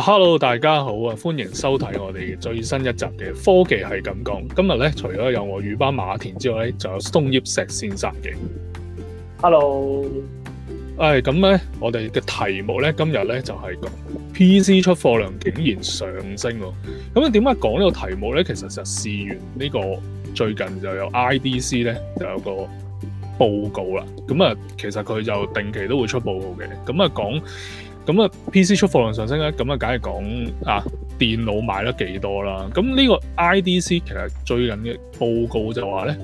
Hello 大家好啊，歡迎收睇我哋最新一集嘅科技係敢講。今日咧，除咗有我雨班馬田之外呢，咧就有 Stone 葉石先生嘅。Hello，誒、哎，咁咧，我哋嘅題目咧，今日咧就係、是、講 PC 出貨量竟然上升喎。咁啊，點解講呢個題目咧？其實就試完呢、這個最近就有 IDC 咧就有個報告啦。咁啊，其實佢就定期都會出報告嘅。咁啊，講。咁啊，PC 出貨量上升咧，咁啊，梗係講啊電腦賣得幾多啦？咁呢個 IDC 其實最近嘅報告就話咧，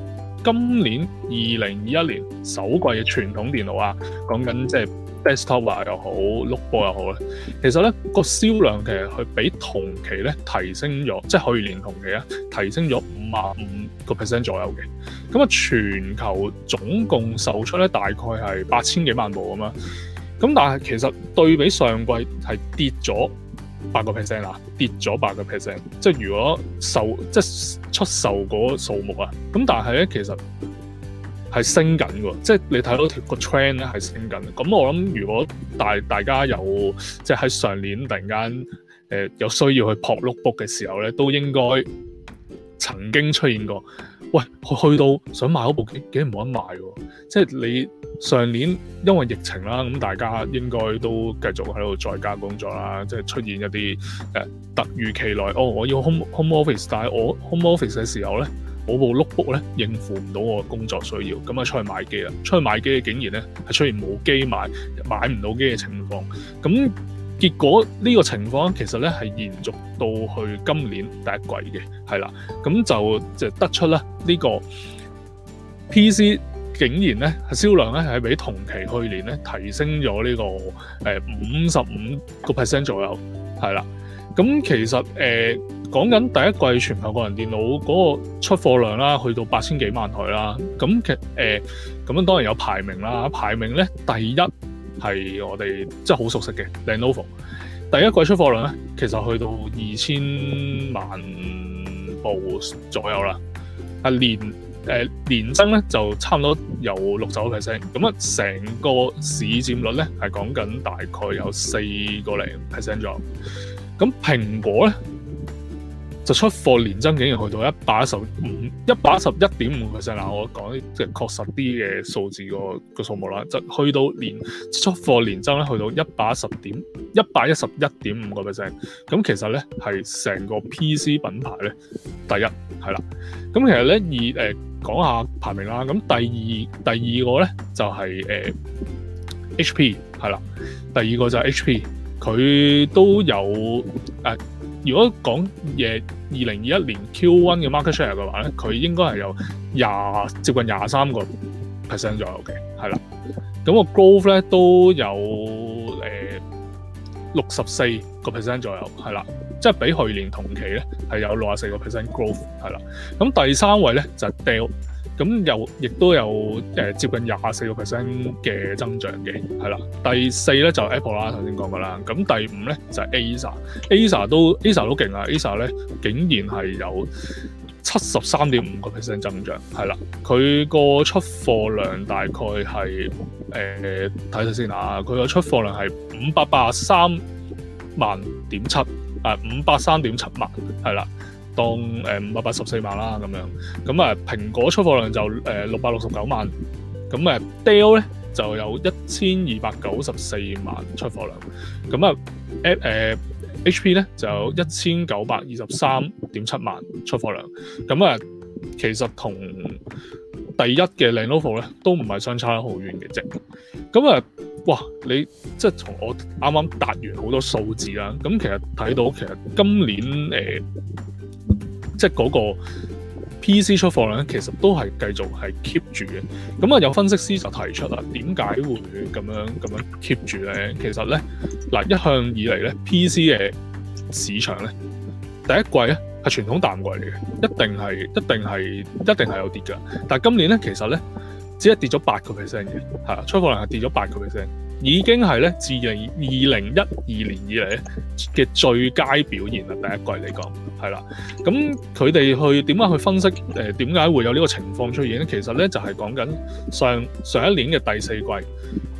今年二零二一年首季嘅傳統電腦啊，講緊即係 desktop 啊又好 notebook 又好咧，其實咧、個銷量其實去比同期咧提升咗，即係去年同期啊，提升咗五萬五個 percent 左右嘅。咁啊，全球總共售出咧大概係八千幾萬部啊嘛。咁但係其實對比上季係跌咗八個 percent 啦，跌咗八個 percent，即係如果售即係出售嗰數目啊，咁但係咧其實係升緊喎，即係你睇到嗰個 trend 咧係升緊。咁我諗如果大大家有即係喺上年突然間誒有需要去撲 notebook 嘅時候咧，都應該曾經出現過。喂，去到想買嗰部機竟然冇得賣喎！即係你上年因為疫情啦，咁大家應該都繼續喺度在家工作啦，即係出現一啲誒、uh, 突如其來，哦，我要 home home office，但係我 home office 嘅時候咧，我部 notebook 咧應付唔到我工作需要，咁啊出去買機啦，出去買機竟然咧係出現冇機買、買唔到機嘅情況，咁。結果呢個情況其實咧係延續到去今年第一季嘅，係啦，咁就就得出咧呢個 PC 竟然咧銷量咧係比同期去年咧提升咗呢個誒五十五個 percent 左右，係啦，咁其實誒講緊第一季全球個人電腦嗰個出貨量啦，去到八千幾萬台啦，咁其誒咁樣當然有排名啦，排名咧第一，係我哋即係好熟悉嘅 Lenovo，第一季出貨量咧，其實去到二千萬部左右啦。係年誒、呃、年增咧就差唔多有六十個 percent，咁啊成個市佔率咧係講緊大概有四個零 percent 左右。咁蘋果咧，就出貨年增竟然去到一百一十五、一百一十一點五個 percent，嗱，我講啲即係確實啲嘅數字個、嗰個數目啦，就去到年出貨年增咧，去到一百一十點、一百一十一點五個 percent，咁其實咧係成個 PC 品牌咧第一係啦，咁其實咧二誒講下排名啦，咁第二第二個咧就係、是、誒、呃、HP 係啦，第二個就係 HP，佢都有誒。呃如果講嘢二零二一年 Q1 嘅 market share 嘅話咧，佢應該係有廿接近廿三個 percent 左右嘅，係啦。咁個 growth 咧都有誒六十四個 percent 左右，係啦，即係比去年同期咧係有六十四個 percent growth，係啦。咁第三位咧就係 Dell。咁又亦都有誒接近廿四個 percent 嘅增長嘅，係啦。第四咧就 Apple 啦，頭先講過啦。咁第五咧就係 Acer，Acer 都 Acer 都勁啊 Acer 咧竟然係有七十三點五個 percent 增長，係啦。佢個出貨量大概係誒睇睇先啊，佢個出貨量係五百八十三萬點七啊，五百三點七萬係啦。當誒五百八十四萬啦咁樣，咁啊蘋果出貨量就誒六百六十九萬，咁啊 Dell 咧就有一千二百九十四萬出貨量，咁啊誒 HP 咧就有一千九百二十三點七萬出貨量，咁啊其實同第一嘅 Lenovo 咧都唔係相差好遠嘅啫，咁啊哇你即係同我啱啱答完好多數字啦，咁其實睇到其實今年誒。呃即係嗰個 PC 出貨量咧，其實都係繼續係 keep 住嘅。咁啊，有分析師就提出啦，點解會咁樣咁樣 keep 住咧？其實咧，嗱一向以嚟咧，PC 嘅市場咧，第一季咧係傳統淡季嚟嘅，一定係一定係一定係有跌㗎。但係今年咧，其實咧只係跌咗八個 percent 嘅，係出貨量係跌咗八個 percent。已經係咧自二二零一二年以嚟嘅最佳表現啦。第一季嚟講係啦，咁佢哋去點樣去分析，誒點解會有呢個情況出現咧？其實咧就係講緊上上一年嘅第四季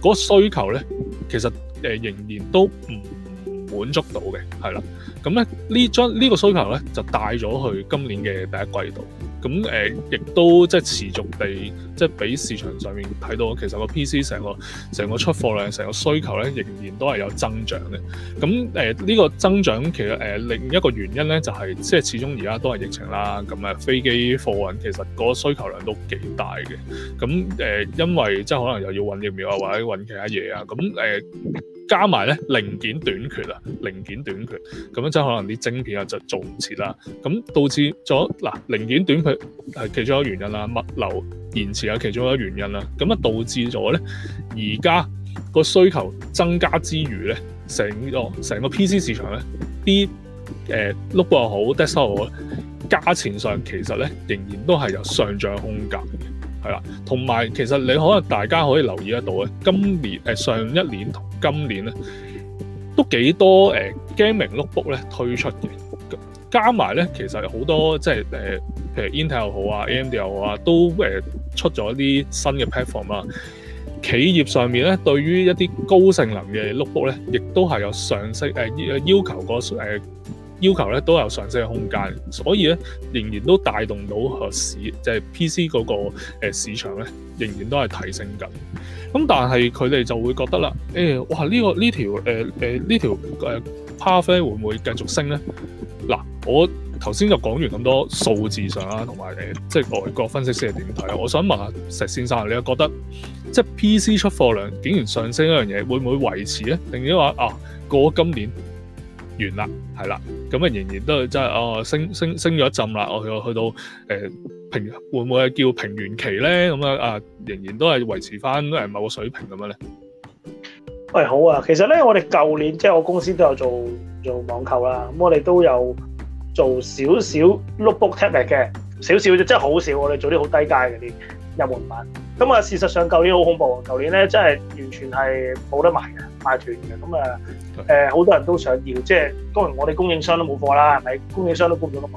嗰需求咧，其實誒仍然都唔滿足到嘅係啦。咁咧呢張呢個需求咧就帶咗去今年嘅第一季度。咁亦、呃、都即係持續地，即係俾市場上面睇到，其實 PC 個 PC 成個成個出貨量、成個需求咧，仍然都係有增長嘅。咁呢、呃這個增長其實、呃、另一個原因咧，就係、是、即係始終而家都係疫情啦。咁啊，飛機貨運其實個需求量都幾大嘅。咁、呃、因為即係可能又要搵疫苗啊，或者搵其他嘢啊。咁加埋咧零件短缺啊，零件短缺，咁樣即係可能啲晶片啊就做唔切啦，咁導致咗嗱零件短缺係其中一個原因啦，物流延遲啊，其中一個原因啦，咁啊導致咗咧而家個需求增加之餘咧，成個成個 PC 市場咧啲誒 notebook 又好 desktop 又好，價錢上其實咧仍然都係有上漲空間。係啦，同埋其實你可能大家可以留意得到咧，今年誒、呃、上一年同今年咧都幾多誒、呃、gaming notebook 咧推出嘅，加埋咧其實好多即係誒，譬、呃、如 Intel 好啊，AMD 又好啊，都誒、呃、出咗啲新嘅 platform 啊。企業上面咧對於一啲高性能嘅 notebook 咧，亦都係有上升誒、呃、要求個誒。呃要求咧都有上升嘅空間，所以咧仍然都帶動到市，即係 PC 嗰個市場咧，仍然都係提升緊。咁但係佢哋就會覺得啦，誒哇呢個呢條誒誒呢條誒 path 會唔會繼續升咧？嗱，我頭先就講完咁多數字上啦，同埋誒即係外國分析師係點睇。我想問下石先生，你覺得即係 PC 出貨量竟然上升的一樣嘢，會唔會維持咧？定係話啊過咗今年？完啦，係啦，咁啊仍然都即係哦升升升咗一陣啦，我又去到誒平會唔會叫平原期咧？咁、嗯、啊啊仍然都係維持翻誒某個水平咁樣咧。喂，好啊，其實咧我哋舊年即係我公司都有做做網購啦，咁我哋都有做少少 notebook tablet 嘅少少，即係好少，我哋做啲好低階嘅啲入門版。咁啊事實上舊年好恐怖啊，舊年咧真係完全係冇得賣嘅。買斷嘅，咁啊，誒好多人都想要，即係當然我哋供應商都冇貨啦，係咪？供應商都供唔到咯。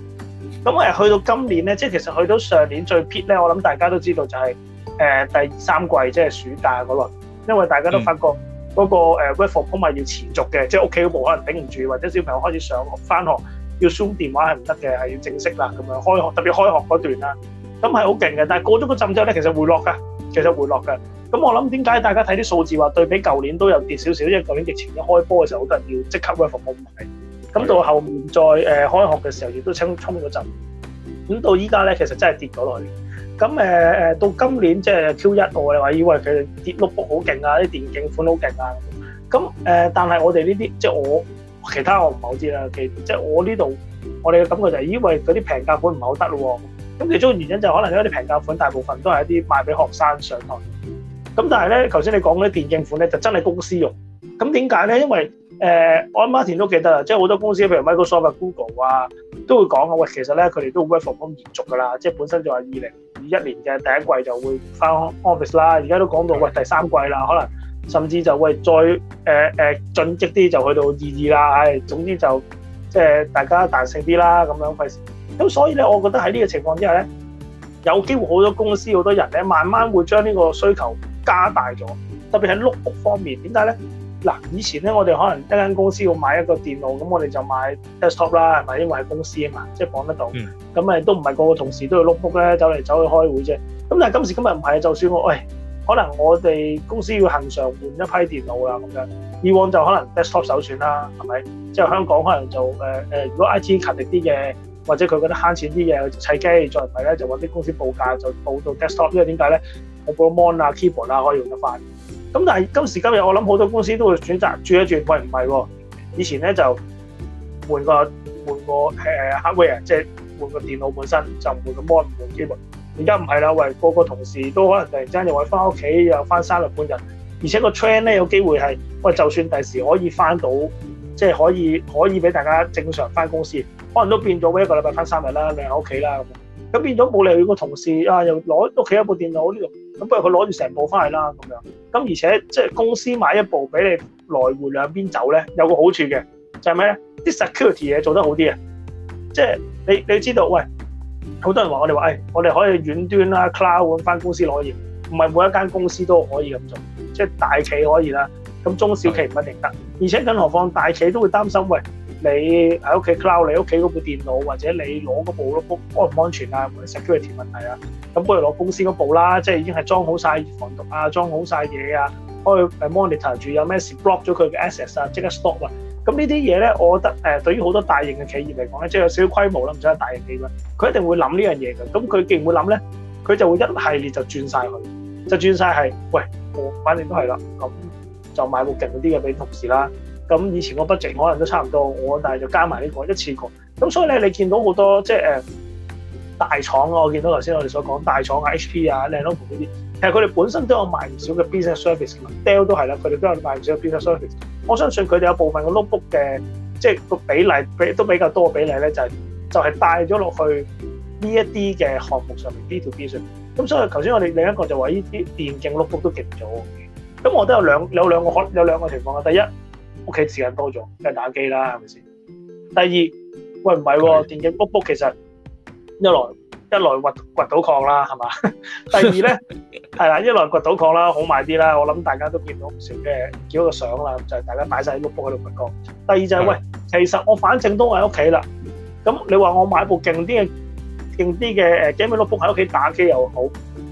咁啊，去到今年咧，即係其實去到上年最 peak 咧，我諗大家都知道就係誒第三季，即係暑假嗰輪，因為大家都發覺嗰個誒 work from home 咪要持續嘅，嗯、即係屋企嗰部可能頂唔住，或者小朋友開始上翻學，上學要 Zoom 電話係唔得嘅，係要正式啦咁樣開，特別開學那段，特別開學嗰段啦，咁係好勁嘅，但係過咗個陣之後咧，其實回落㗎。其實會落嘅，咁我諗點解大家睇啲數字話對比舊年都有跌少少，因為舊年疫情一開波嘅時候，好多人要即刻 work from home，咁到後面再誒開學嘅時候，亦都衝衝咗陣，咁到依家咧，其實真係跌咗落去。咁誒誒到今年即係、就是、Q 一，我哋話以為佢跌 notebook 好勁啊，啲電競款好勁啊，咁誒、呃，但係我哋呢啲即係我其他我唔係好知啦，即係我呢度我哋嘅感覺就係，以為嗰啲平價款唔係好得咯喎。咁其中原因就可能因為啲平價款大部分都係一啲賣俾學生上堂咁，但係咧，頭先你講嗰啲電競款咧就真係公司用，咁點解咧？因為誒、呃、我 Martin 都記得啦，即係好多公司譬如 Microsoft、Google 啊，都會講啊喂，其實咧佢哋都會 work from home 延續噶啦，即係本身就係二零二一年嘅第一季就會翻 office 啦，而家都講到喂、呃、第三季啦，可能甚至就會再誒誒、呃呃、進職啲就去到二二啦，唉、哎，總之就即係大家彈性啲啦，咁樣費事。咁所以咧，我覺得喺呢個情況之下咧，有機會好多公司好多人咧，慢慢會將呢個需求加大咗。特別喺碌 o 方面，點解咧？嗱，以前咧，我哋可能一間公司要買一個電腦，咁我哋就買 desktop 啦，係咪因啲外公司啊嘛，即係講得到。咁誒、嗯、都唔係個個同事都要碌 o t 咧，走嚟走去開會啫。咁但係今時今日唔係，就算我喂、哎，可能我哋公司要恒常換一批電腦啦，咁樣以往就可能 desktop 首選啦，係咪？即、就、係、是、香港可能就誒誒、呃，如果 IT 勤力啲嘅。或者佢覺得慳錢啲嘢就砌機，再唔係咧就揾啲公司報價就報到 desktop，因為點解咧？我報個 mon 啊、keyboard 啊可以用得翻。咁但係今時今日，我諗好多公司都會選擇轉一轉，喂，唔係喎。以前咧就換個換個誒、啊、hardware 即係換個電腦本身就唔換個 mon，唔換 keyboard。而家唔係啦，喂，個個同事都可能突然間又會翻屋企，又翻三日半日，而且個 train 咧有機會係喂，就算第時可以翻到，即係可以可以俾大家正常翻公司。可能都變咗，一個禮拜翻三日啦，你喺屋企啦咁，咁變咗冇理由個同事啊又攞屋企一部電腦呢度，咁不如佢攞住成部翻嚟啦咁樣。咁而且即係公司買一部俾你來回兩邊走咧，有個好處嘅就係咩咧？啲 security 嘢做得好啲啊，即係你你知道喂，好多人話我哋話誒，我哋可以遠端啦、cloud 咁翻公司攞嘢，唔係每一間公司都可以咁做，即係大企可以啦，咁中小企唔一定得。而且更何況大企都會擔心喂。你喺屋企 cloud 你屋企嗰部電腦，或者你攞嗰部都安唔安全啊？或者 security 問題啊？咁不如攞公司嗰部啦，即係已經係裝好晒防毒啊，裝好晒嘢啊，開 monitor 住有咩事 block 咗佢嘅 access 啊，即刻 stop 啊。咁呢啲嘢咧，我覺得誒對於好多大型嘅企業嚟講咧，即係有少少規模啦，唔使話大型企業，佢一定會諗呢樣嘢嘅。咁佢既然會諗咧，佢就會一系列就轉晒佢，就轉晒係，喂，我反正都係啦，咁就買部勁嗰啲嘅俾同事啦。咁以前個 budget 可能都差唔多我，但係就加埋呢、這個一次過。咁所以咧，你見到好多即係誒大廠我見到頭先我哋所講大廠啊，HP 啊 Leno、Lenovo 嗰啲，其實佢哋本身都有賣唔少嘅 business service 嘛 Dell 都係啦，佢哋都有賣唔少嘅 business service。我相信佢哋有部分嘅 notebook 嘅，即係個比例比都比較多嘅比例咧，就係、是、就係、是、帶咗落去呢一啲嘅項目上面 B to B 上面。咁所以頭先我哋另一個就話呢啲電競 notebook 都勁咗。咁我都有兩有兩個可有兩個情況啊。第一。屋企時間多咗，梗係打機啦，係咪先？第二，喂，唔係喎，電影 book book 其實一來一來掘掘到礦啦，係嘛？ 第二咧係啦，一來掘到礦啦，好賣啲啦。我諗大家都見到唔少嘅幾多個相啦，就係、是、大家擺晒啲 book book 喺度掘礦。第二就係、是、的喂，其實我反正都喺屋企啦，咁你話我買部勁啲嘅勁啲嘅誒 gamebook 喺屋企打機又好，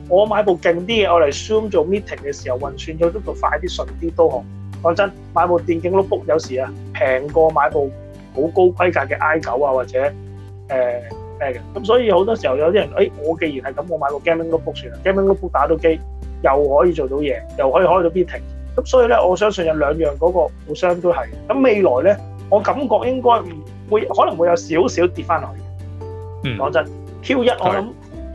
我買部勁啲嘅，我嚟 Zoom 做 meeting 嘅時候運算咗都度快啲順啲都好。講真，買部電競 notebook 有時啊，平過買部好高規格嘅 I 九啊，或者誒咩嘅。咁、呃、所以好多時候有啲人，誒、哎、我既然係咁，我買部 g a m i n g notebook 算啦 g a m i n g notebook 打到機，又可以做到嘢，又可以開到 b i t 咁所以咧，我相信有兩樣嗰、那個互相都係。咁未來咧，我感覺應該唔會可能會有少少跌翻落去。講、嗯、真，Q 一的我諗。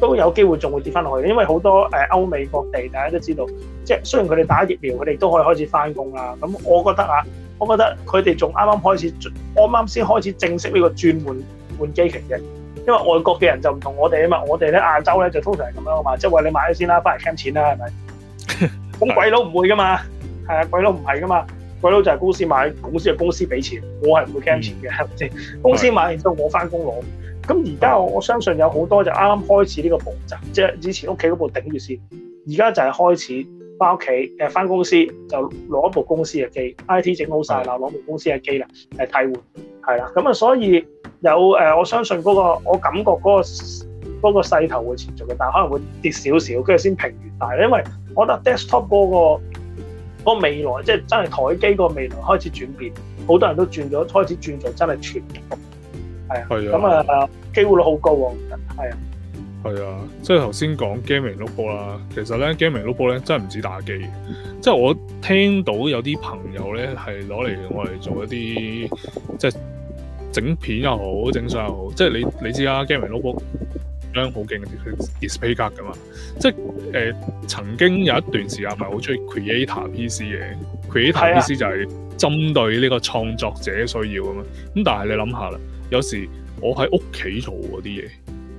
都有機會仲會跌翻落去，因為好多誒歐美各地，大家都知道，即係雖然佢哋打疫苗，佢哋都可以開始翻工啦。咁我覺得啊，我覺得佢哋仲啱啱開始，啱啱先開始正式呢個轉換換機期嘅，因為外國嘅人就唔同我哋啊嘛。我哋咧亞洲咧就通常係咁樣啊 嘛，即係話你買咗先啦，翻嚟 claim 錢啦，係咪？咁鬼佬唔會噶嘛，係啊，鬼佬唔係噶嘛，鬼佬就係公司買，公司就公司俾錢，我係唔會 claim 錢嘅，嗯、 公司買到我翻工攞。咁而家我相信有好多就啱啱開始呢個步驟，即係以前屋企嗰部頂住先，而家就係開始翻屋企誒翻公司就攞部公司嘅機，I T 整好晒啦，攞部公司嘅機啦，係替換係啦。咁啊，所以有誒，我相信嗰、嗰個我感覺嗰、嗰個嗰、嗰個勢頭會持續嘅，但係可能會跌少少，跟住先平完大。但因為我覺得 desktop 嗰、嗰個嗰、嗰個、未來即係、即係、真係台機個未來開始轉變，好多人都轉咗，開始轉做真係全。係啊，咁樣啊，機會率好高喎，係啊，係啊，即係頭先講 gaming notebook 啦。其實咧，gaming notebook 咧真係唔止打機。即係我聽到有啲朋友咧係攞嚟我嚟做一啲，即係整片又好，整相又好。即係你你知啦 gaming notebook 張好勁嘅 display 卡噶嘛。即係誒、呃，曾經有一段時間係好中意 creator PC 嘅 creator、啊、PC 就係針對呢個創作者需要啊嘛。咁但係你諗下啦。有時我喺屋企做嗰啲嘢，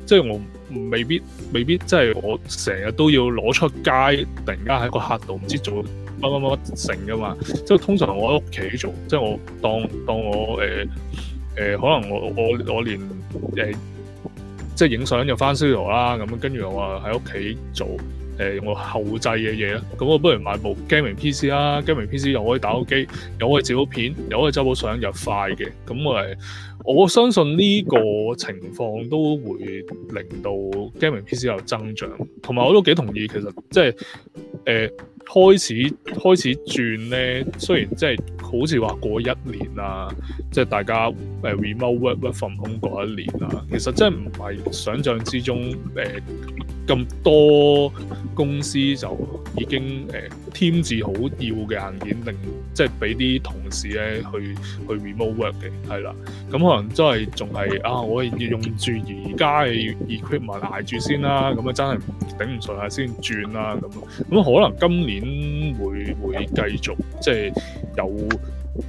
即係我未必未必，即係我成日都要攞出街，突然間喺個客度唔知做乜乜乜成㗎嘛。即係通常我喺屋企做，即係我當當我誒誒、呃呃，可能我我我連誒、呃、即係影相就翻 studio 啦，咁跟住我話喺屋企做。誒用個後製嘅嘢啦，咁我不如買部 Gaming PC 啦，Gaming PC 又可以打到機，又可以照到片，又可以周到相，又快嘅，咁我係，我相信呢個情況都會令到 Gaming PC 有增長，同埋我都幾同意，其實即係誒開始開始轉咧，雖然即係好似話過一年啊，即係大家 remote work, work from home 過一年啊，其實真係唔係想象之中誒咁多。公司就已經誒、呃、添置好要嘅硬件，令即係俾啲同事咧去去 remote work 嘅，係啦。咁、嗯、可能真係仲係啊，我要用住而家嘅 equipment 捱住先啦。咁啊，嗯、真係頂唔順啊，先轉啦咁。咁、嗯嗯、可能今年會會繼續即係有。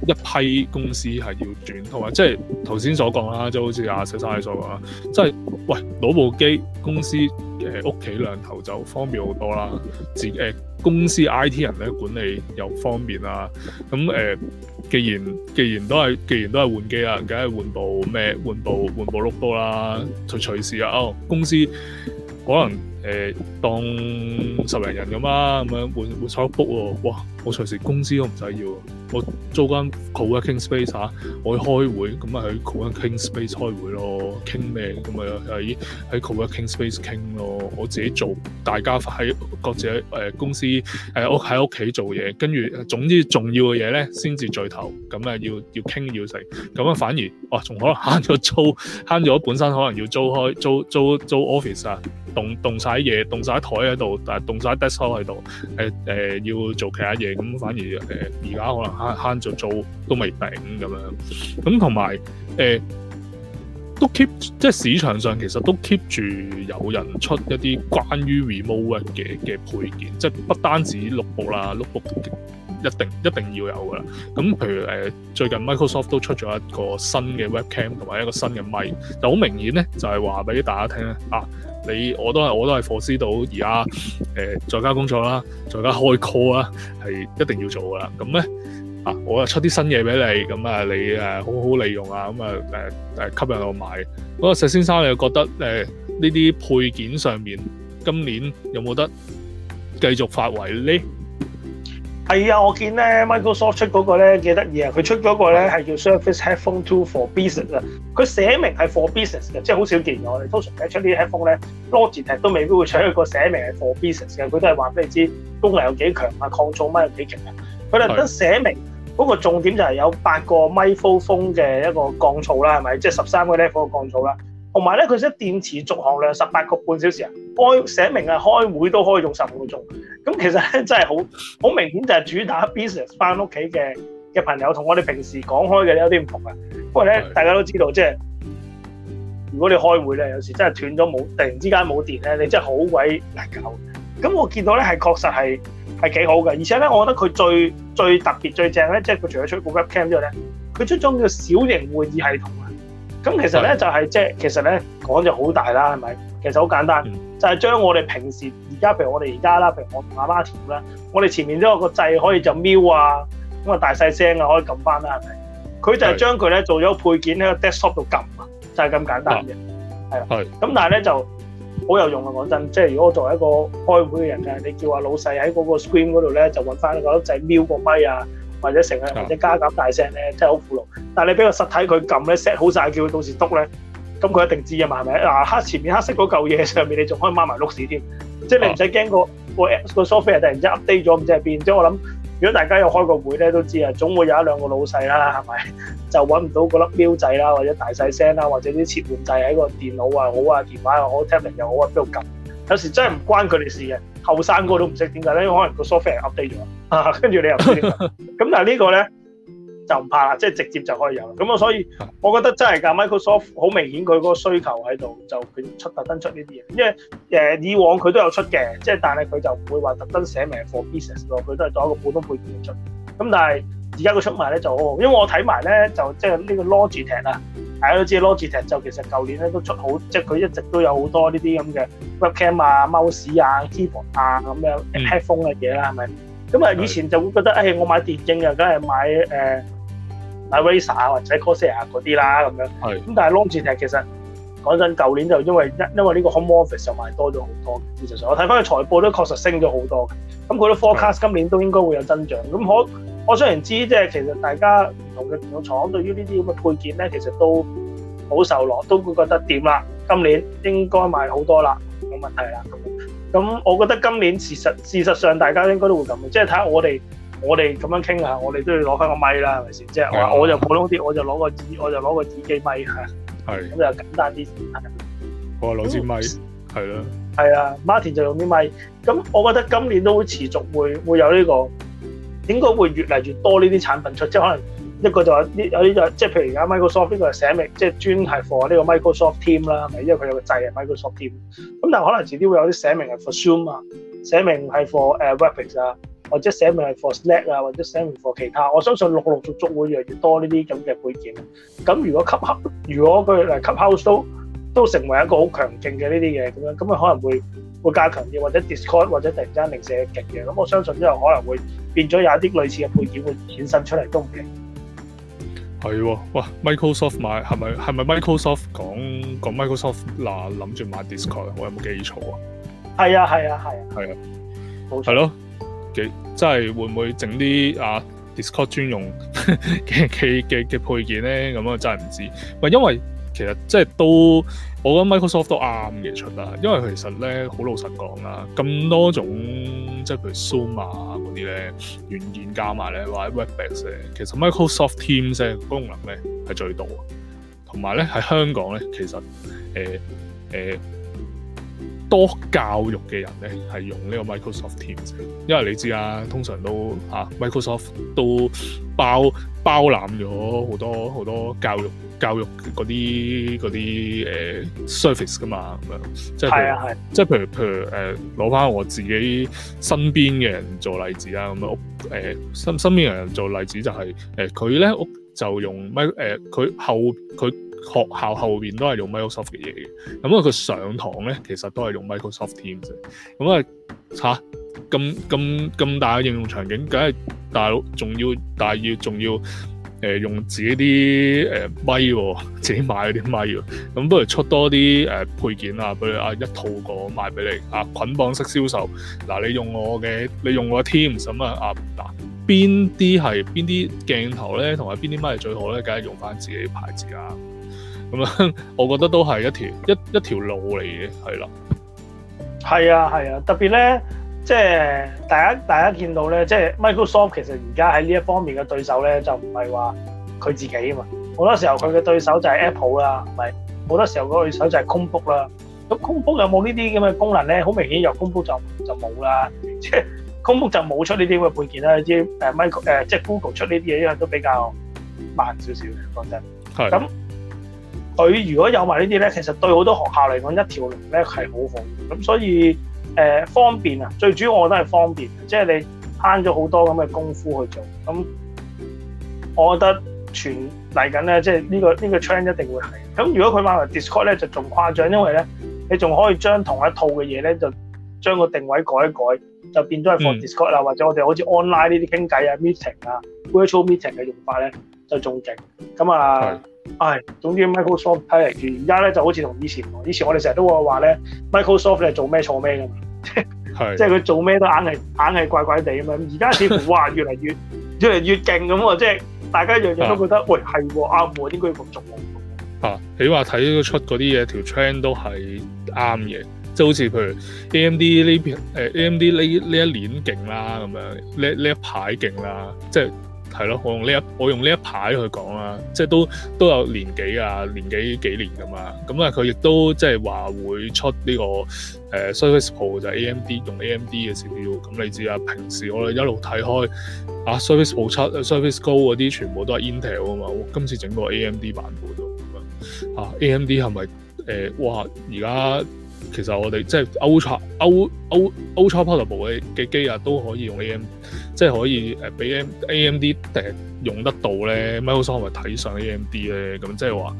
一批公司係要轉，同埋即係頭先所講啦，即好似阿細生所講啦，即係喂攞部機，公司屋企兩頭就方便好多啦。自、呃、公司 I T 人咧管理又方便啦咁、呃、既然既然都係，既然都係換機啦，梗係換部咩？換部換部 notebook 啦，就隨，隨時啊。哦，公司可能誒、呃、當十零人咁啊，咁樣換換手 book 喎，哇！我隨時公司都唔使要。我租間 co-working space 我我開會咁咪喺 co-working space 開會咯，傾咩咁咪喺喺 co-working space 傾咯，我自己做，大家喺各自誒、呃、公司屋喺屋企做嘢，跟住總之重要嘅嘢咧先至聚頭，咁啊要要傾要食，咁啊反而哇仲可能慳咗租慳咗本身可能要租開租租租，租，租 office 啊，動動晒嘢，動晒台喺度，但係動晒 desk 喺度，誒誒要做其他嘢，咁反而而家、呃、可能。慳就做，都未頂咁樣，咁同埋都 keep 即係市場上其實都 keep 住有人出一啲關於 remove 嘅嘅配件，即係不單止 notebook 啦，notebook 一定一定要有噶啦。咁譬如，呃、最近 Microsoft 都出咗一個新嘅 webcam 同埋一個新嘅咪，就好明顯咧，就係話俾大家聽啊！你我都係我都係課思到而家誒在，呃、在家工作啦，在家開 call 啊，係一定要做噶啦。咁咧～我又、啊、出啲新嘢俾你，咁啊你誒、啊、好好利用啊，咁啊誒誒、啊、吸引我買。嗰、啊、個石先生你又覺得誒呢啲配件上面今年有冇得繼續發圍咧？係啊、哎，我見咧 Microsoft 出嗰個咧幾得意啊，佢出嗰個咧係叫 Surface Headphone Two for Business 啊。佢寫明係 for Business 嘅，即係好少見，我哋通常睇出啲 headphone 咧，攞住聽都未必會取佢個寫明係 for Business 嘅。佢都係話俾你知功能有幾強啊，抗噪乜有幾勁啊。佢特登寫明。嗰個重點就係有八個咪風嘅一個降噪啦，係咪？即係十三個 level 嘅降噪啦。同埋咧，佢嘅電池續航量十八個半小時啊！開寫明啊，開會都可以用十五個鐘。咁其實咧，真係好好明顯就係主打 business 返屋企嘅嘅朋友，同我哋平時講開嘅有啲唔同啊。不過咧，是的 大家都知道，即係如果你開會咧，有時真係斷咗冇，突然之間冇電咧，你真係好鬼難搞。咁我見到咧，係確實係。係幾好嘅，而且咧，我覺得佢最最特別最正咧，即係佢除咗出個 webcam 之外咧，佢出咗個小型會議系統啊。咁其實咧是的 就係即係其實咧講就好大啦，係咪？其實好簡單，就係、是、將我哋平時而家譬如我哋而家啦，譬如我同阿媽調啦，我哋前面都有個掣可以就瞄啊，咁啊大細聲啊可以撳翻啦，係咪？佢就係將佢咧做咗配件喺個 desktop 度撳啊，就係、是、咁簡單嘅，係啦。咁是的 但係咧就。好有用啊！講真，即係如果我作為一個開會嘅人啊，你叫吓老細喺嗰個 screen 嗰度咧，就揾翻嗰仔瞄個咪啊，或者成日或者加減大聲咧，真係好苦惱。但係你俾個實體佢撳咧，set 好晒，叫佢到時篤咧，咁佢一定知是不是啊嘛，係咪？嗱，黑前面黑色嗰嚿嘢上面，你仲可以掹埋碌士添，即係你唔使驚個 app 個 software 突然之間 update 咗唔知係邊。之後我諗，如果大家有開個會咧，都知啊，總會有一兩個老細啦，係咪？就揾唔到嗰粒 mute 掣啦，或者大細聲啦，或者啲切換掣喺個電腦啊好啊，電話又好，tablet 又好啊，邊度撳？有時真係唔關佢哋事嘅，後生哥都唔識點解咧，為呢因為可能個 software update 咗，跟、啊、住你又唔知點解。咁 但係呢個咧就唔怕啦，即、就、係、是、直接就可以有了。咁我所以我覺得真係㗎，Microsoft 好明顯佢嗰個需求喺度，就佢出特登出呢啲嘢。因為誒、呃、以往佢都有出嘅，即係但係佢就唔會話特登寫明 for business 咯，佢都係做一個普通配件出。咁但係。而家佢出埋咧就，好，因為我睇埋咧就即係呢個 Logitech 啊，大家都知 Logitech 就其實舊年咧都出好，即係佢一直都有好多呢啲咁嘅 webcam 啊、mouse 啊、keyboard 啊咁樣 headphone 嘅嘢啦，係咪、啊？咁啊以前就會覺得誒、哎，我買電競、呃 er、啊，梗係買誒 Razer 啊或者 Corsair 嗰、啊、啲啦咁、啊、樣。係是。咁但係 Logitech 其實講真，舊年就因為因因為呢個 Home Office 就買多咗好多事實，實上我睇翻佢財報都確實升咗好多嘅。咁佢都 Forecast、嗯、今年都應該會有增長。咁可我雖然知，即係其實大家唔同嘅電腦廠對於呢啲咁嘅配件咧，其實都好受落，都會覺得掂啦。今年應該賣好多啦，冇問題啦。咁，我覺得今年事實事實上大家應該都會咁，即係睇下我哋我哋咁樣傾下，我哋都要攞翻個咪啦，係咪先？即係話我就普通啲，我就攞個耳，我就攞個耳機咪，係的。係咁就簡單啲。我攞支咪，係咯、嗯。係啊，Martin 就用啲咪，咁我覺得今年都持續會會有呢、呢個。應該會越嚟越多呢啲產品出，即係可能一個就話啲有啲就即係譬如而家 Microsoft 呢個係寫明即係、就是、專係 for 呢個 Microsoft Team 啦，係咪因為佢有一個掣係 Microsoft Team？咁但係可能遲啲會有啲寫明係 for Zoom 啊，寫明係 for 誒 WPS 啊，或者寫明係 for Snap 啊，或者寫明係 for 其他。我相信陸陸續續會越嚟越多呢啲咁嘅配件。咁如果 Clubhouse，誒如果佢嚟 Clubhouse 都都成為一個好強勁嘅呢啲嘢，咁樣咁佢可能會。會加強啲或者 Discord 或者突然間零舍嘅勁嘅，咁我相信之後可能會變咗有一啲類似嘅配件會衍生出嚟都唔驚。係喎，哇！Microsoft 買係咪係咪 Microsoft 講講 Microsoft 嗱諗住買 Discord？我有冇記錯啊？係啊，係啊，係啊，係啊，係咯，幾即係會唔會整啲啊 Discord 專用嘅嘅嘅嘅配件咧？咁啊真係唔知，唔因為其實即係都。我覺得 Microsoft 都啱嘅出啦，因為其實咧好老實講啦，咁多種即係譬如 Zoom 啊，嗰啲咧軟件加埋咧，或者 Webex 咧，其實 Microsoft Teams 嘅功能咧係最多，同埋咧喺香港咧其實誒誒。欸多教育嘅人咧，係用呢個 Microsoft Teams 因為你知道啊，通常都嚇、啊、Microsoft 都包包攬咗好多好多教育教育嗰啲嗰啲誒、呃、Surface 噶嘛，咁樣即係即係譬如、啊啊、譬如誒攞翻我自己身邊嘅人做例子啊。咁誒、呃、身身邊嘅人做例子就係誒佢咧屋就用 Microsoft 誒佢後佢。學校後邊都係用 Microsoft 嘅嘢嘅，咁啊佢上堂咧，其實都係用 Microsoft Teams 啫。咁啊嚇咁咁咁大嘅應用場景，梗係大陸仲要，大係仲要誒、呃、用自己啲誒咪喎，自己買嗰啲咪喎。咁不如出多啲誒、呃、配件啊，譬如啊一套個賣俾你啊，捆綁式銷售。嗱、啊，你用我嘅，你用我 Teams 咁啊啊，嗱邊啲係邊啲鏡頭咧，同埋邊啲咪係最好咧，梗係用翻自己啲牌子啊！咁樣，我覺得都係一條一一條路嚟嘅，係啦。係啊，係啊，特別咧，即係大家大家見到咧，即係 Microsoft 其實而家喺呢一方面嘅對手咧，就唔係話佢自己啊嘛。好多時候佢嘅對手就係 Apple 啦，唔係，好多時候個對手就係 Chromebook 啦。咁 Chromebook 有冇呢啲咁嘅功能咧？好明顯，有 Chromebook 就就冇啦，即係 Chromebook 就冇出呢啲咁嘅配件啦。之誒 Microsoft 誒即係 Google 出呢啲嘢咧，都比較慢少少嘅講真。係咁。佢如果有埋呢啲咧，其實對好多學校嚟講一條龍咧係好方便。咁所以誒、呃、方便啊！最主要我覺得係方便，即係你慳咗好多咁嘅功夫去做，咁我覺得傳嚟緊咧，即係呢個呢個 trend 一定會係。咁如果佢買埋 Discord 咧，就仲誇張，因為咧你仲可以將同一套嘅嘢咧，就將個定位改一改，就變咗係 for Discord 啊，嗯、或者我哋好似 online 呢啲傾偈啊、meeting 啊、virtual meeting 嘅用法咧，就仲勁。咁啊。係、哎，總之 Microsoft 睇嚟而家咧就好似同以前，以前我哋成日都會話咧，Microsoft 係做咩錯咩㗎嘛？呵呵是的 即係佢做咩都硬係硬係怪怪地咁樣。而家似乎 哇，越嚟越越嚟越勁咁喎。即係大家樣樣都覺得，啊、喂係喎，啱喎，應該要咁做、啊？啊，你話睇得出嗰啲嘢條 trend 都係啱嘅，即係好似譬如 AMD 呢邊誒 AMD 呢呢一年勁啦咁樣，呢呢一排勁啦，即係。係咯，我用呢一我用呢一排去講啦，即係都都有年幾啊，年幾幾年噶嘛，咁啊佢亦都即係話會出呢、呢個誒、呃、Surface Pro 就係 AMD 用 AMD 嘅 CPU，咁你知啊，平時我哋一路睇開啊 Surface Pro、啊、七 Surface Go 嗰啲全部都係 Intel 啊嘛，今次整個 AMD 版本度咁樣嚇，AMD 係咪誒哇而家？現在。其實我哋即係 ultra、ul、ul、ultra portable 嘅嘅機啊，都可以用 AMD，即係可以誒俾 AM, AMD 定、呃、用得到咧。Microsoft 咪睇上 AMD 咧，咁即係話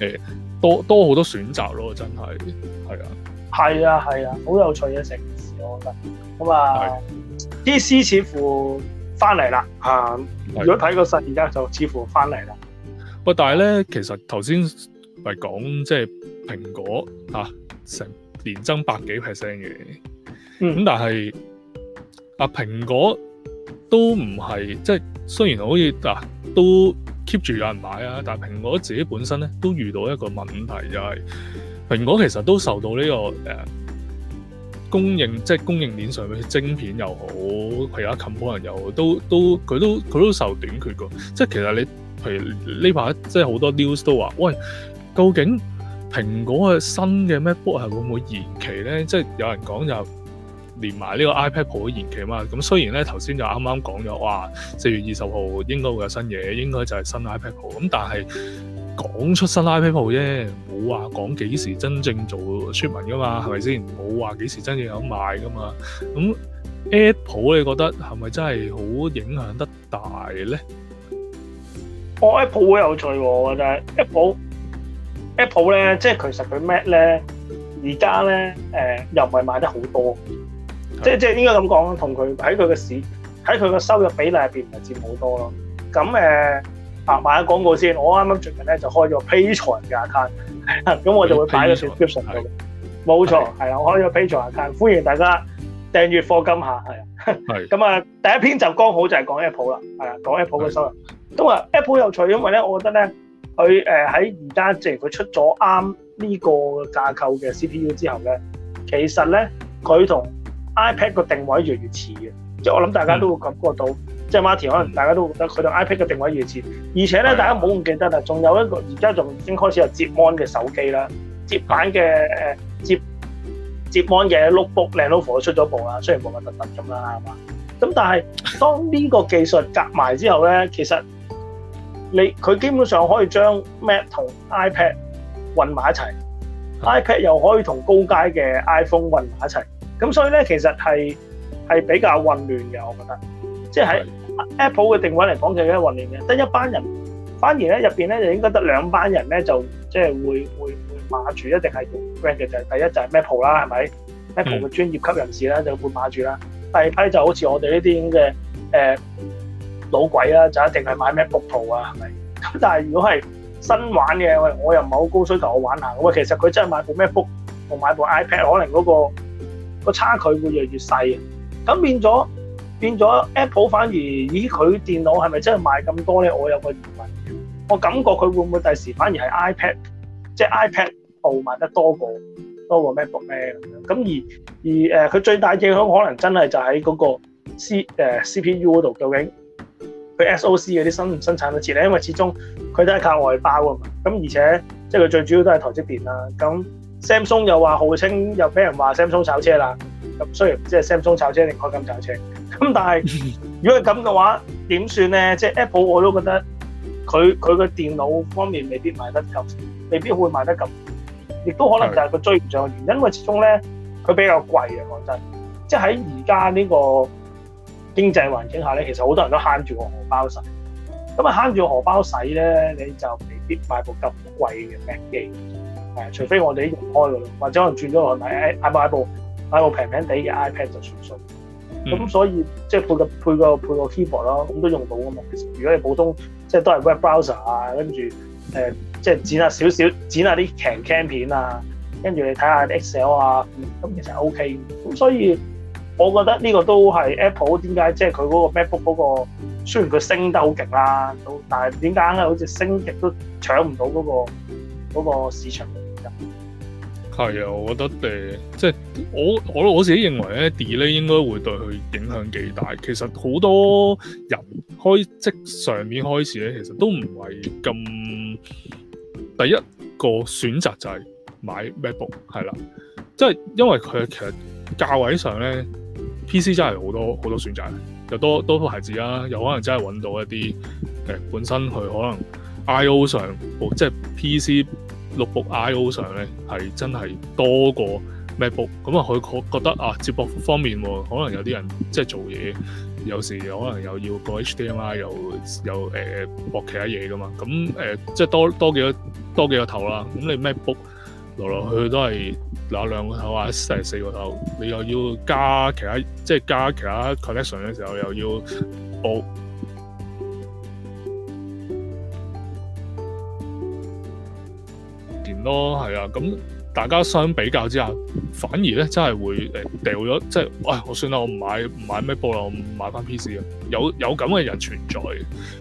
誒多多好多選擇咯，真係係啊，係啊係啊，好、啊、有趣嘅成件事我覺得。咁啊，PC、啊、似乎翻嚟啦嚇，啊啊、如果睇個勢而家就似乎翻嚟啦。喂，但係咧，其實頭先咪講即係蘋果嚇成，啊年增百幾 percent 嘅，咁、嗯、但係啊蘋果都唔係即係雖然好似、啊、都 keep 住有、啊、人買啊，但係蘋果自己本身咧都遇到一個問題，就係、是、蘋果其實都受到呢、這個、啊、供應即係供應鏈上面嘅晶片又好，譬如啊琴果人又好都都佢都佢都受短缺嘅，即係其實你譬如呢排即係好多 news 都話，喂，究竟？蘋果嘅新嘅 MacBook 係會唔會延期咧？即係有人講就連埋呢個 iPad Pro 會延期嘛。咁雖然咧頭先就啱啱講咗話四月二十號應該會有新嘢，應該就係新 iPad Pro。咁但係講出新 iPad Pro 啫，冇話講幾時真正做出聞噶嘛，係咪先？冇話幾時真正有得賣噶嘛。咁 Apple 你覺得係咪真係好影響得大咧？哦，我 Apple 好有趣喎，但係 Apple。Apple 咧，即係其實佢 Mac 咧，而家咧，誒又唔係賣得好多，即係即係應該咁講，同佢喺佢嘅市，喺佢嘅收入比例入邊，唔係佔好多咯。咁誒，啊買下廣告先。我啱啱最近咧就開咗 Patreon 嘅 account，咁我就會擺喺 description 度。冇 atre 錯，係啊，我開咗 Patreon account，歡迎大家訂閱課金吓，係啊。係的。咁啊，第一篇就剛好就係講 Apple 啦，係啊，講 Apple 嘅收入。咁啊 Apple 有趣，因為咧，我覺得咧。佢誒喺而家，即係佢出咗啱呢個架構嘅 CPU 之後咧，其實咧佢同 iPad 嘅定位越嚟越似嘅，即係我諗大家都會感覺到，嗯、即係 Martin 可能大家都覺得佢同 iPad 嘅定位越似，而且咧、嗯、大家唔好咁記得啦，仲有一個而家仲已經開始有折 mon 嘅手機啦，折板嘅誒折、呃、折 mon 嘅 notebook，Lenovo 都出咗部啦，雖然冇咁核突咁啦，係嘛？咁但係當呢個技術夾埋之後咧，其實～你佢基本上可以將 Mac 同 iPad 混埋一齊、嗯、iPad 又可以同高階嘅 iPhone 混埋一齊。咁、嗯、所以咧其實係係比較混亂嘅，我覺得，即係喺 Apple 嘅定位嚟講，就係混亂嘅。得一班人，反而咧入邊咧就應該得兩班人咧就即係會會會馬住，一定係用 Mac 嘅就第一就係 App、嗯、Apple 啦，係咪？Apple 嘅專業級人士啦就會馬住啦，第二批就好似我哋呢啲咁嘅誒。呃老鬼啊，就一定係買 MacBook Pro 啊，係咪咁？但係如果係新玩嘅，我又唔係好高需求，我玩下咁啊。其實佢真係買部 MacBook 同買部 iPad，可能嗰、嗰個、嗰個差距會越嚟越細啊。咁變咗變咗 Apple 反而咦，佢電腦係咪真係賣咁多咧？我有個疑問，我感覺佢會唔會第時反而係 iPad 即係 iPad 部賣得多過多過 MacBook 咩，咁樣咁而而誒佢最大影響可能真係就喺嗰個 C 誒 C P U 嗰度，究竟 S.O.C 嗰啲生唔生產到設咧？因為始終佢都係靠外包啊嘛，咁而且即係佢最主要都係台積電啦。咁 Samsung 又話號稱又俾人話 Samsung 炒車啦，咁雖然唔知係 Samsung 炒車定台金炒車，咁但係如果係咁嘅話，點算咧？即係 Apple 我都覺得佢佢嘅電腦方面未必賣得咁好，未必會賣得咁好，亦都可能就係佢追唔上嘅原因，是的 因為始終咧佢比較貴啊講真，即係喺而家呢個。經濟環境下咧，其實好多人都慳住個荷包使，咁啊慳住個荷包使咧，你就未必買部咁貴嘅 Mac 機，係除非我哋啲用開噶啦，或者可能轉咗落買，買 i 買部買部平平地嘅 iPad 就算數，咁、嗯、所以即係配個配個配個 keyboard 咯，咁都用到㗎嘛。其實如果你普通即係都係 web browser 啊，跟住誒、呃、即係剪下少少，剪下啲 can can 片啊，跟住你睇下 Excel 啊，咁其實 OK 咁所以。我覺得呢個都係 Apple，點解，即係佢嗰個 MacBook 嗰個，雖然佢升得好勁啦，但係點解咧好似升極都搶唔到嗰個嗰個市場嘅？係啊，我覺得誒，即係我我我自己認為咧，delay 應該會對佢影響幾大。其實好多人開即上面開始咧，其實都唔係咁第一個選擇就係買 MacBook 係啦，即係因為佢其實價位上咧。P.C. 真係好多好多選擇，又多多牌子啦、啊，又可能真係揾到一啲、呃、本身佢可能 I.O. 上，即係 P.C. 六部 I.O. 上咧係真係多過 MacBook。咁啊，佢覺覺得啊，接駁方面、啊、可能有啲人即係做嘢，有時又可能又要個 HDMI 又又誒駁、呃、其他嘢噶嘛。咁誒、呃、即係多多幾多多幾個頭啦。咁你 MacBook 來來去去都係。嗱兩個頭啊，第四個頭，你又要加其他，即係加其他 connection 嘅時候，又要煲、哦、電咯，係啊，咁、嗯。大家相比較之下，反而咧真係會掉咗，即係，哇、哎！我算啦，我唔買唔買 MacBook 啦，我買翻 PC 有有咁嘅人存在，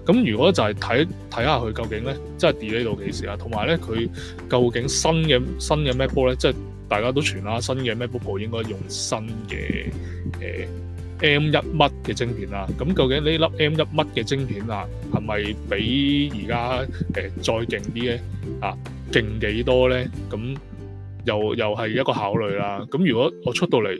咁如果就係睇睇下佢究竟咧，即係 delay 到幾時啊？同埋咧，佢究竟新嘅新嘅 MacBook 咧，即係大家都傳啦，新嘅 MacBook 應該用新嘅誒、呃、M 一乜嘅晶片啦。咁究竟呢粒 M 一乜嘅晶片啊，係咪比而家、呃、再勁啲咧？啊，勁幾多咧？咁？又又係一個考慮啦。咁如果我出到嚟，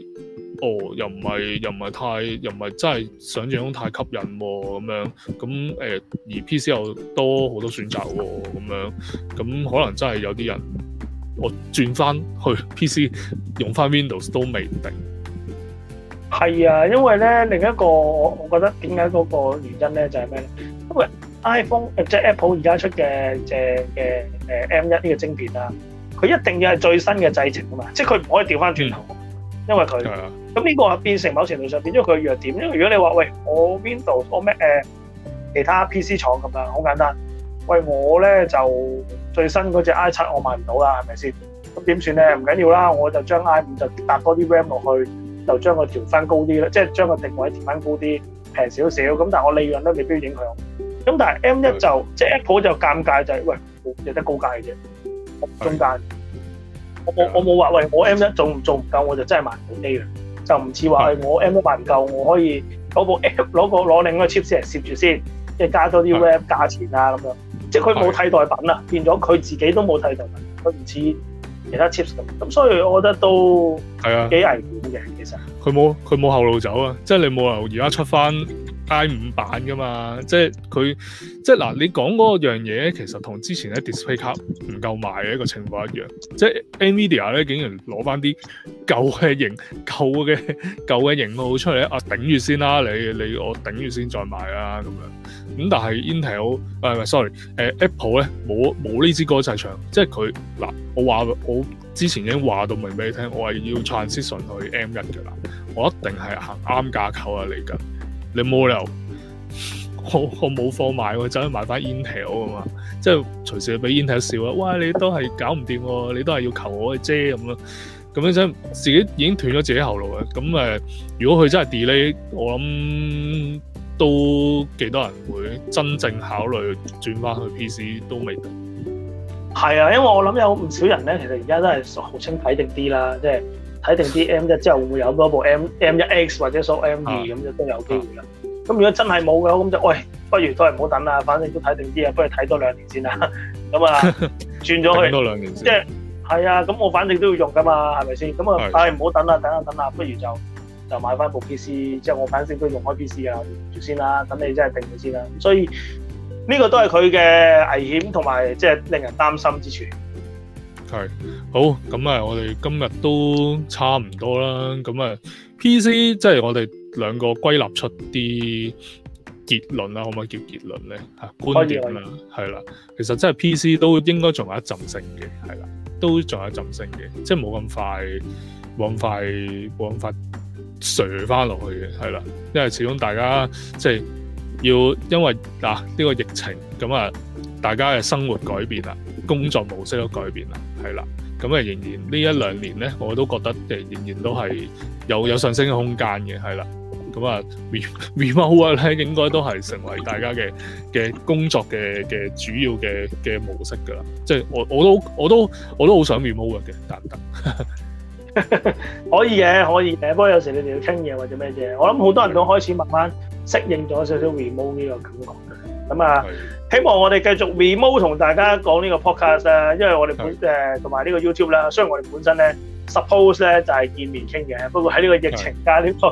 哦，又唔係又唔係太又唔係真係想像中太吸引喎。咁樣咁誒，而 PC 又多好多選擇喎。咁樣咁可能真係有啲人，我轉翻去 PC 用翻 Windows 都未定。係啊，因為咧，另一個我我覺得點解嗰個原因咧就係咩咧？因為 iPhone 即係 Apple 而家出嘅嘅嘅誒 M1 呢個晶片啊。佢一定要係最新嘅製程啊嘛，即係佢唔可以調翻轉頭，因為佢咁呢個變成某程度上變咗佢嘅弱點。因為如果你話喂我 Windows 我咩誒、呃、其他 PC 廠咁樣，好簡單，喂我咧就最新嗰隻 I 七我買唔到啦，係咪先？咁點算咧？唔緊要啦，我就將 I 五就搭多啲 RAM 落去，就將佢調翻高啲啦，即係將個定位調翻高啲，平少少咁，但係我利潤都未必要影響。咁但係 M 一就的即係 Apple 就尷尬就係喂，有得高價嘅啫。中間的，我我我冇話喂，我 M1 做唔做唔夠，我就真係買唔到機啦，就唔似話喂我 M1 賣唔夠，我可以攞部 M 攞個攞另一個 chip 嚟攝住先，即係加多啲 RAM 價錢啊咁的樣，即係佢冇替代品啊，的變咗佢自己都冇替代品，佢唔似其他 chip 咁，咁所以我覺得都係啊，幾危險嘅其實。佢冇佢冇後路走啊，即係你冇理由而家出翻街五版噶嘛，即係佢即係嗱，你講嗰樣嘢，其實同之前咧 display 卡唔夠賣嘅一個情況一樣，即係 Nvidia 咧竟然攞翻啲舊嘅型、舊嘅舊嘅型號出嚟啊，頂住先啦，你你我頂住先再賣啦。咁樣，咁但係 Intel，誒 sorry，誒 Apple 咧冇冇呢支歌一齊唱，即係佢嗱，我話我之前已經話到明俾你聽，我係要 transition 去 M 一噶啦，我一定係行啱架構啊嚟緊。你冇理由，我我冇貨買我走去買翻 Intel 啊嘛，即係隨時俾 Intel 笑啊！喂，你都係搞唔掂喎，你都係要求我去遮咁咯，咁樣真自己已經斷咗自己喉路呀。咁誒，如果佢真係 delay，我諗都幾多人會真正考慮轉翻去 PC 都未？係啊，因為我諗有唔少人咧，其實而家都係好清睇定啲啦，即係。睇定啲 M 一之後會唔會有嗰部 M M 一 X 或者索 M 二咁、啊、就都有機會啦。咁、啊、如果真係冇嘅，咁就喂，不如都係唔好等啦。反正都睇定啲啊，不如睇多兩年先啦。咁啊，轉咗去，睇 多兩年先。即係、就是、啊，咁我反正都要用噶嘛，係咪先？咁啊，唉是，唔好、哎、等啦，等下等啊，不如就就買翻部 PC。即係我反正都用開 PC 嘅，先啦。咁你真係定咗先啦。所以呢、呢個都係佢嘅危險同埋即係令人擔心之處。係好咁啊！我哋今日都差唔多啦，咁啊 PC 即係我哋兩個歸納出啲結論啦，可唔可以叫結論咧？吓觀點啦，係啦。其實真係 PC 都應該仲有一陣性嘅，係啦，都仲有一陣性嘅，即係冇咁快，冇咁快，冇咁快衰翻落去嘅，係啦。因為始終大家即係、就是、要，因為嗱呢、啊呢個疫情咁啊，大家嘅生活改變啦。工作模式都改變啦，係啦，咁啊仍然呢一兩年咧，我都覺得誒仍然都係有有上升嘅空間嘅，係啦，咁啊 remo remote 咧，應該都係成為大家嘅嘅工作嘅嘅主要嘅嘅模式㗎啦，即係我我都我都我都好想 remote 嘅，得唔得？可以嘅，可以嘅，不過有時你哋要傾嘢或者咩嘢，我諗好多人都開始慢慢適應咗少少 remote 呢個感覺。咁啊，是的 希望我哋繼續 remote 同大家講呢個 podcast 咧，啊，因為我哋本誒同埋呢個 YouTube 啦。雖然我哋本身咧是的 suppose 咧就係、是、見面傾嘅，不過喺呢個疫情加呢、這個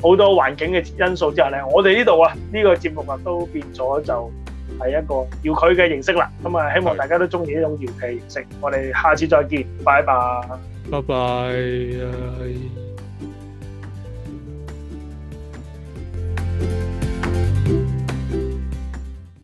好是的 多環境嘅因素之下咧，我哋呢度啊呢、這個節目啊都變咗就係一個遙距嘅形式啦。咁啊，希望大家都中意呢種遙距形式。是的 我哋下次再見，拜拜，拜拜，拜、uh、拜。